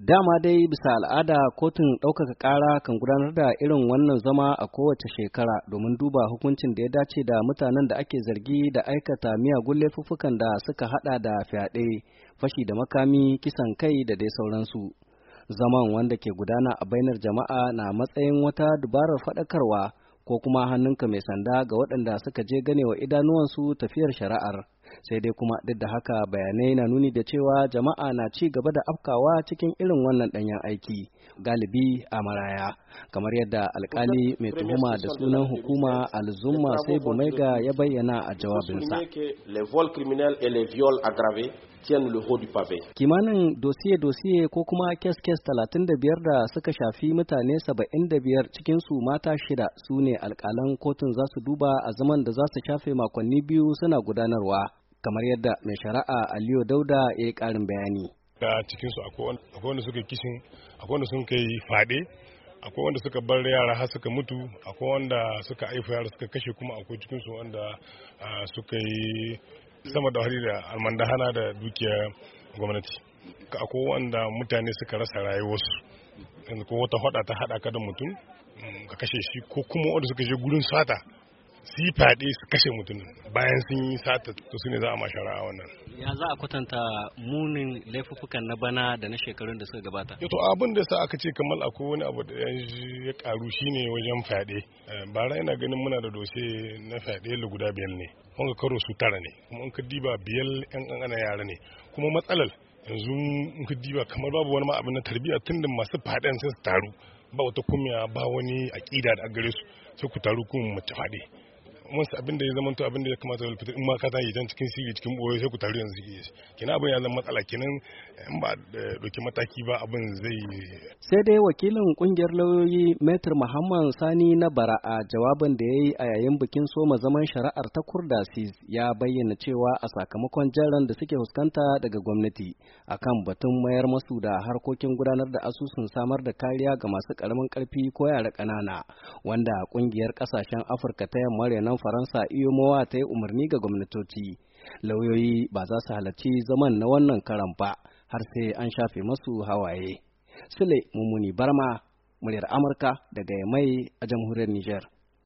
Dama dai bisa al'ada kotun ɗaukaka ƙara kan gudanar da irin wannan zama a kowace shekara domin duba hukuncin da ya dace da mutanen da ake zargi da aikata miyagun laifuffukan da suka haɗa da fyaɗe, fashi da makami, kisan kai da dai sauransu. Zaman wanda ke gudana a bainar jama'a na matsayin wata dubarar faɗakarwa ko kuma hannunka mai sanda ga waɗanda suka je ganewa idanuwansu tafiyar shari'ar. sai dai kuma duk da haka bayanai na nuni da cewa jama'a na ci gaba da afkawa cikin irin wannan danyen aiki galibi a maraya kamar yadda alkali mai tuhuma da sunan hukuma alzumma sai bumaiga ya bayyana a jawabinsa kimanin dosiye-dosiye ko kuma kes-kes 35 da suka shafi mutane 75 cikinsu mata shida su ne alkalan kotun za su duba a zaman da za su shafe makonni biyu suna gudanarwa kamar yadda mai shari'a Aliyu Dauda ya yi ƙarin bayani. Ga cikinsu akwai wanda suka kishin, akwai wanda suka yi fade akwai wanda suka bar yara har suka mutu akwai wanda suka haifa yara suka kashe kuma akwai cikinsu wanda suka yi sama da hari da almandahana da dukiyar gwamnati akwai wanda mutane suka rasa rayuwarsu yanzu ko wata hada ta hada ka da mutum mm, ka kashe shi ko kuma wanda suka je gurin sata Si fyaɗe su kashe mutumin bayan sun yi sata to su ne za a ma shara'a wannan. Ya za a kwatanta munin laifukan na bana da na shekarun da suka gabata? Eh to abin da sa aka ce kamar akwai wani abu da ya karu shine wajen fyaɗe. Eh, Bara ina ganin muna da dose na fyaɗe yalla guda biyar ne. Kuma karo su tara ne. Kuma in ka diba biyar 'yan ƙanƙana yara ne. Kuma matsalar yanzu in ka diba kamar babu wani ma abin na tarbiyya tun da masu faɗen sun taru. ba wata kumiya ba wani aƙida da gare su sai ku taru kuma ta fyaɗe. sa abin da ya zama to abin da ya kamata ya fita in ma ka yi can cikin CV cikin boye sai ku taru yanzu ke kina abin ya zama matsala kinan in ba doki eh, mataki ba abin zai sai dai wakilin ƙungiyar lauyoyi Metr Muhammad Sani na Bara'a jawabin da yayi a yayin bikin soma zaman shari'ar ta Kurdasis ya bayyana cewa a sakamakon jaran da suke fuskanta daga gwamnati akan batun mayar masu da harkokin gudanar da asusun samar da kariya ga masu karamin karfi ko yara ƙanana wanda ƙungiyar kasashen Afirka ta yamma nan Faransa Iyomowa ta yi umarni ga gwamnatoci. Lauyoyi ba za su halarci zaman na wannan karan ba har sai an shafe masu hawaye. Sule Mumuni Barma, muryar Amurka daga Yamai a jamhuriyar Nijar.